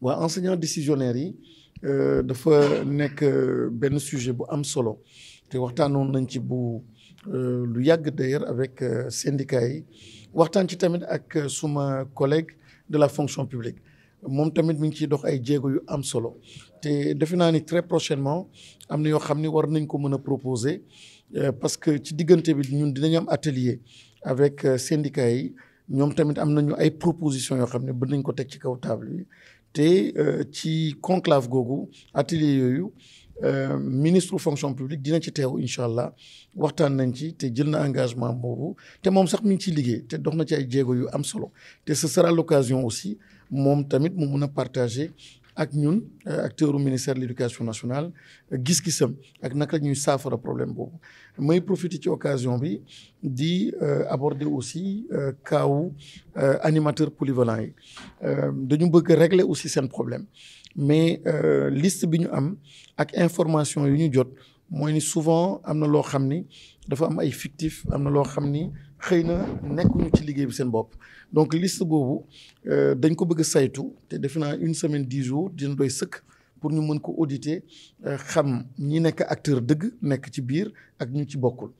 wa enseignant décisionnaire yi euh, dafa nekk euh, benn sujet bu am solo te waxtaanoon nañ ci bu euh, lu yàgg d'ailleurs avec syndicat yi waxtaan ci tamit ak suma collègue de la fonction publique moom tamit mi ngi ciy dox ay jéego yu am solo te defe naa ni très prochainement am na yoo xam ni war nañ ko mën a proposer parce que ci diggante bi ñun dinañ am atelier avec syndicat yi ñoom tamit am nañu ay proposition yoo xam ne bëgg nañ ko teg ci kaw table bi te euh, ci conclave googu atelier yooyu euh, ministre fonction publique dina ci teew inshallah waxtan nañ ci te jël na engagement bobu te mom sax mi ci liggé liggéey te dox na ci ay djégo yu am solo te ce sera l'occasion aussi mom tamit mu meuna partager ak ñun euh, acteur du ministère de l'Éducation nationale euh, gis-gisam ak nak la ñuy problème bobu may profiter ci occasion bi di euh, aborder aussi kaawu animateur polyvalent yi dañu bëgg régler aussi sen problème mais liste bi ñu am ak information yu ñu jot mooy ni souvent am na loo xam ni dafa am ay fictif am na loo xam ni xëy na nekkuñu ci liggéey bi seen bopp donc liste boobu euh, dañ ko bëgg saytu te defe naa une semaine 10 jours dina doy sëkk pour ñu mën ko auditer euh, xam ñi nek acteur deug nek ci biir ak ñu ci bokul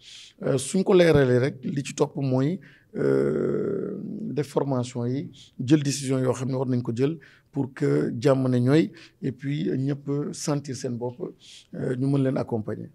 euh, suñ ko léralé rek li ci top moy euh, des formations yi jël décision yo xam ne war nañ ko jël pour que jamm ne ñoy et puis ñëpp sentir sen bop euh, ñu mën leen accompagner.